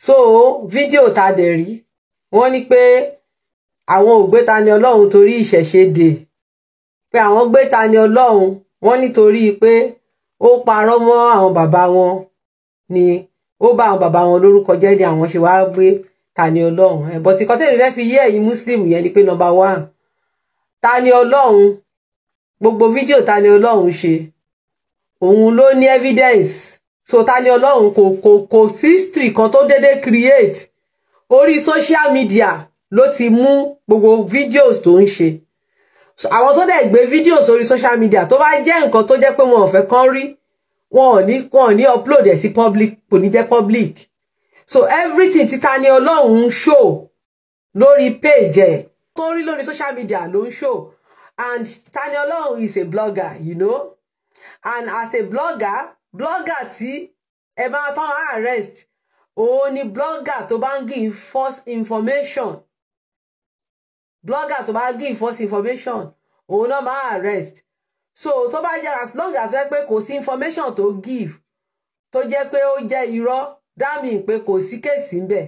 so fídíò tá a dẹ̀ rí wọ́n ní pé àwọn ò gbé Tani Olohun torí ìṣẹ̀ṣe dè pé àwọn gbé Tani Olohun wọ́n nítorí pé ó parọ́ mọ́ àwọn bàbá wọn ni ó bá àwọn bàbá wọn lórúkọ jẹ́ ni àwọn ṣe wá gbé Tani Olohun ẹ̀ bọ́tí kọ́tẹ́mi fẹ́ fi yé ẹ̀yin muslim yẹn ni pé nọmba one Tani Olohun gbogbo fídíò Tani Olohun ṣe òun ló ní evidence so ta ni ọlọ́run kò kò kò sí kan tó déédéé create orí social media ló ti mú gbogbo videos tó ń ṣe àwọn tó dẹ̀ gbé videos orí social media tó bá jẹ́ nǹkan tó jẹ́ pé wọn ò fẹ́ kán rí wọn ò ní wọn ò ní upload ẹ̀ sí public kò ní jẹ́ public so everything tí ta ni ọlọ́run show lórí page ẹ̀ tó rí lórí social media ló ń show and ta ni ọlọ́run is a blogger you know and as a blogger blogger tí ẹ bá tán arrest òun ni blogger tó bá ń give false information blogger tó bá give false information òun náà máa arrest so tó bá jẹ́ as long as wẹ́ pé kò sí information tó give tó jẹ́ pé ó jẹ́ irọ́ dámì pé kò sí kéèsì ń bẹ̀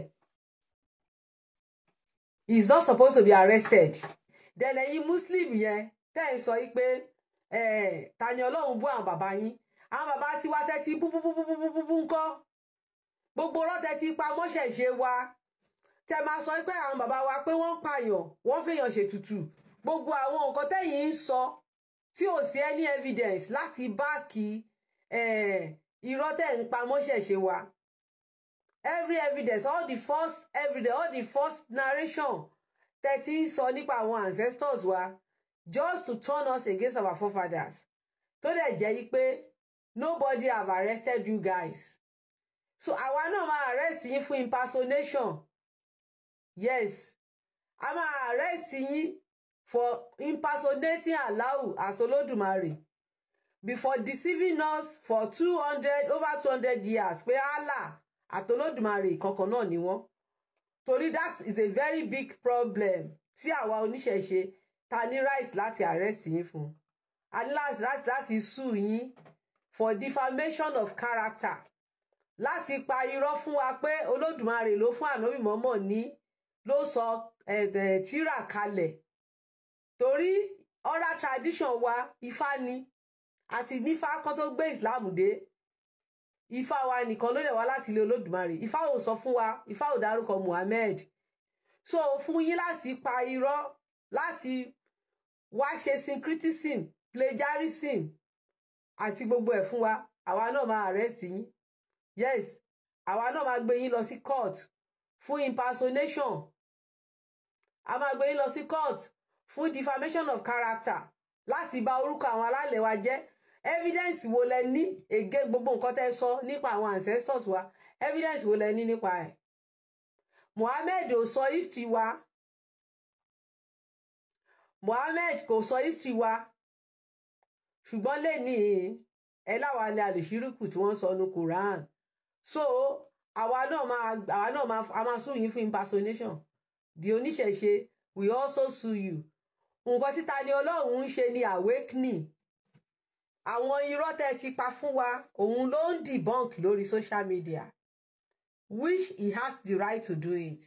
he is not supposed to be arrested dẹ̀lẹ́yìn muslim yẹn tẹ́ ẹ̀ sọ yìí pé eh, ta ni ọlọ́run bú àwọn bàbá yín àwọn bàbá tiwa tẹ́tí búbúbúbúbúbú ńkọ́ gbogbo rọ́tẹ́ ti pa mọ́ṣẹ̀ṣe wa tẹ máa sọ pé àwọn bàbá wa pé wọ́n pààyàn wọ́n fèèyàn ṣètùtù gbogbo àwọn nǹkan tẹ́yìn ń sọ tí ò sí any evidence láti báàkì irọ́ tẹ̀ ń pa mọ́ṣẹ̀ṣe wa every evidence all the first evidence all the first narration tẹ ń sọ nípa àwọn ancestors wa just to turn us against our forefathers tó dẹ̀ jẹ́ yí pé nobody have arrested you guys so àwa náà máa arrest yín fún impersonation yes a máa arrest yín for impersonating Allahu as Olódùmarè before deceiving us for two hundred over two hundred years pé Allah àti Olódùmarè kankan náà ni wọ́n torí that is a very big problem tí àwa oníṣẹ̀ṣe ta ní right láti arrest yín fún a last, láti láti sue yín for defamation of character láti pa irọ́ fún wa pé olódùmarè ló fún ànábì mọ́mọ́ ní ló sọ tírà kalẹ̀ torí oral tradition wa ifá ni àti nífá kan tó gbé islam dé ifá wa nìkan ló dẹ̀ wá láti ilé olódùmarè ifá ò sọ fún wa ifá ò dárúkọ muhammed so fún yín láti pa irọ́ láti wá ṣe syncretism plagiarism àti gbogbo ẹ̀ fún wa àwa náà máa arrest yín yes àwa náà máa gbé yín lọ sí court fún impersonation a máa gbé yín lọ sí court fún defamation of character láti bà orúkọ àwọn alálẹ̀ wa jẹ́ evidence wo lẹ ní ègé gbogbo nǹkan tẹ́ sọ nípa àwọn ancestors wa evidence wo lẹ ní nípa ẹ̀ Mohammed ò sọ history wa Mohammed kò sọ history wa ṣùgbọ́n lẹ́ni ẹ láwa lè àlèṣírìkù tí wọ́n sọ ní Quran so àwa náà máa àwa náà máa a máa sùn yín fún impersonation di oníṣẹ̀ṣe we also sue you nǹkan títa ni ọlọ́run ń ṣe ni awakening àwọn irọ́ tẹ́ ti pa fún wa òun ló ń debunk lórí social media which he has the right to do it